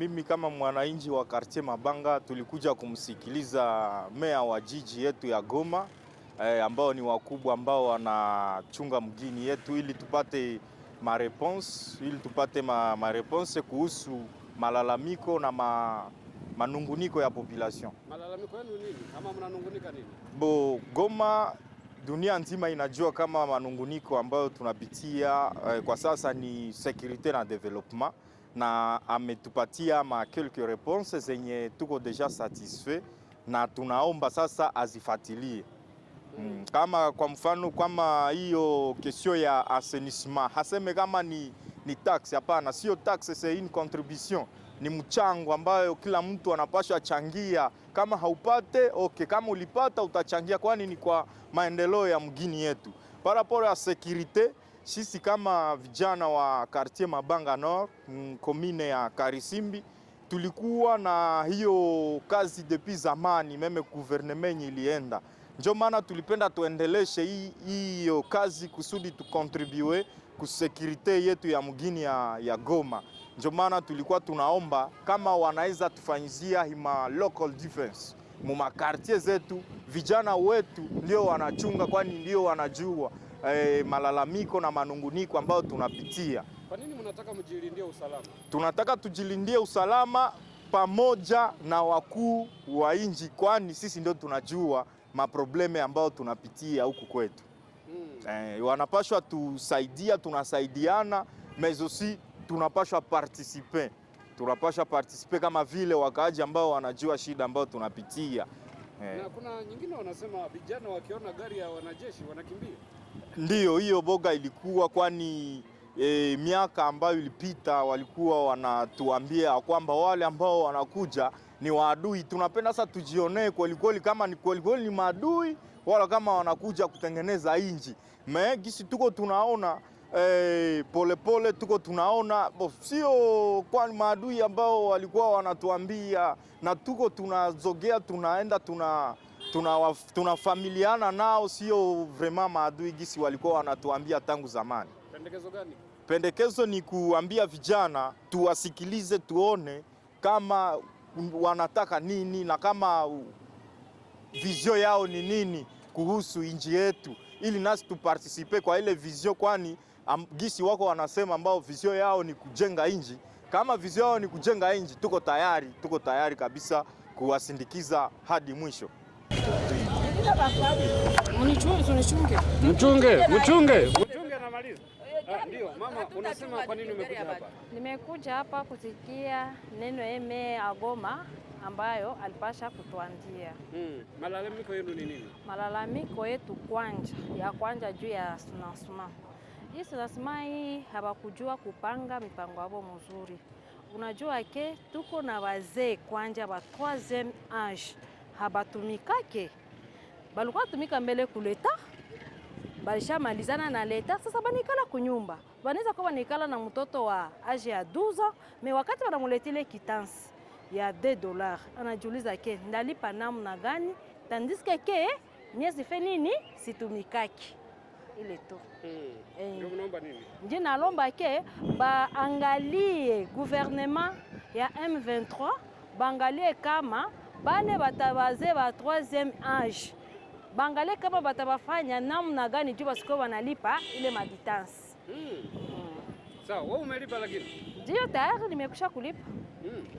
Mimi kama mwananchi wa Kartie Mabanga tulikuja kumsikiliza meya wa jiji yetu ya Goma eh, ambao ni wakubwa ambao wanachunga mgini yetu ili tupate réponse ili tupate ma, mareponse kuhusu malalamiko na ma, manunguniko ya population. Malalamiko yenu nini? Kama mnanungunika nini? Bo, Goma dunia nzima inajua kama manunguniko ambayo tunapitia eh, kwa sasa ni sécurité na développement na ametupatia ma quelques réponses zenye tuko deja satisfait na tunaomba sasa azifatilie. Mm. Kama kwa mfano kama hiyo kesio ya assainissement haseme kama ni, ni tax. Hapana, sio tax, c'est une contribution, ni mchango ambayo kila mtu anapaswa changia. Kama haupate okay, kama ulipata utachangia, kwani ni kwa maendeleo ya mgini yetu. Par rapport ya securite sisi kama vijana wa Quartier Mabanga Nord komine mm, ya Karisimbi tulikuwa na hiyo kazi depuis zamani, meme gouvernement ilienda, ndio maana tulipenda tuendeleshe hiyo kazi kusudi tukontribue kusekurite yetu ya mgini ya, ya Goma. Ndio maana tulikuwa tunaomba kama wanaweza tufanyizia hima local defense mu makartie zetu, vijana wetu ndio wanachunga, kwani ndio wanajua eh, malalamiko na manunguniko ambayo tunapitia. Kwa nini mnataka mjilindie usalama? Tunataka tujilindie usalama pamoja na wakuu wa nchi, kwani sisi ndio tunajua maprobleme ambayo tunapitia huku kwetu. Hmm. Eh, wanapashwa tusaidia, tunasaidiana mezosi, tunapashwa partisipe tunapashwa participe kama vile wakaaji ambao wanajua shida ambayo tunapitia Eh. Na kuna nyingine wanasema vijana wakiona gari ya wanajeshi wanakimbia. Ndiyo, hiyo boga ilikuwa kwani e, miaka ambayo ilipita walikuwa wanatuambia kwamba wale ambao wanakuja ni waadui. Tunapenda sasa tujionee kwelikweli kama ni kwelikweli ni maadui wala kama wanakuja kutengeneza inji. Me gisi tuko tunaona polepole pole, tuko tunaona sio kwa maadui ambao walikuwa wanatuambia, na tuko tunazogea, tunaenda tuna tunafamiliana tuna, nao, sio vraiment maadui gisi walikuwa wanatuambia tangu zamani. Pendekezo gani? Pendekezo ni kuambia vijana tuwasikilize, tuone kama wanataka nini na kama vizio yao ni nini kuhusu nchi yetu, ili nasi tupartisipe kwa ile vizio kwani gisi wako wanasema ambao vizio yao ni kujenga inji. Kama vizio yao ni kujenga inji, tuko tayari, tuko tayari kabisa kuwasindikiza hadi mwisho. Mchunge, mchunge. Ah, ndio, mama, unasema kwa nini umekuja hapa? Nimekuja hapa kusikia neno eme agoma ambayo alipasha kutuandia. Hmm. Malalamiko yenu ni nini? Malalamiko yetu kwanja ya kwanja juu ya sunasuma Yesu nasema hii hawakujua kupanga mipango yao mzuri. Unajua ke tuko na wazee kwanja ba 3e age habatumikake, balikuwa tumika mbele kuleta, malizana na leta, sasa banikala kunyumba, banaweza kuwa banikala na mtoto wa age ya 12 me wakati wanamuletile kitansi ya 2 dollars, anajiuliza ke ndalipa namna gani, tandiske ke miezi fe nini situmikake ile tu mm. nini? nje nalomba ke baangalie gouvernement ya M23 baangalie kama bale batabaze ba 3e age baangalie kama batabafanya namna gani juu basiko wanalipa ile maditansi. Hmm. Mm. Sawa, wewe umelipa lakini? Ndio, tayari nimekusha kulipa.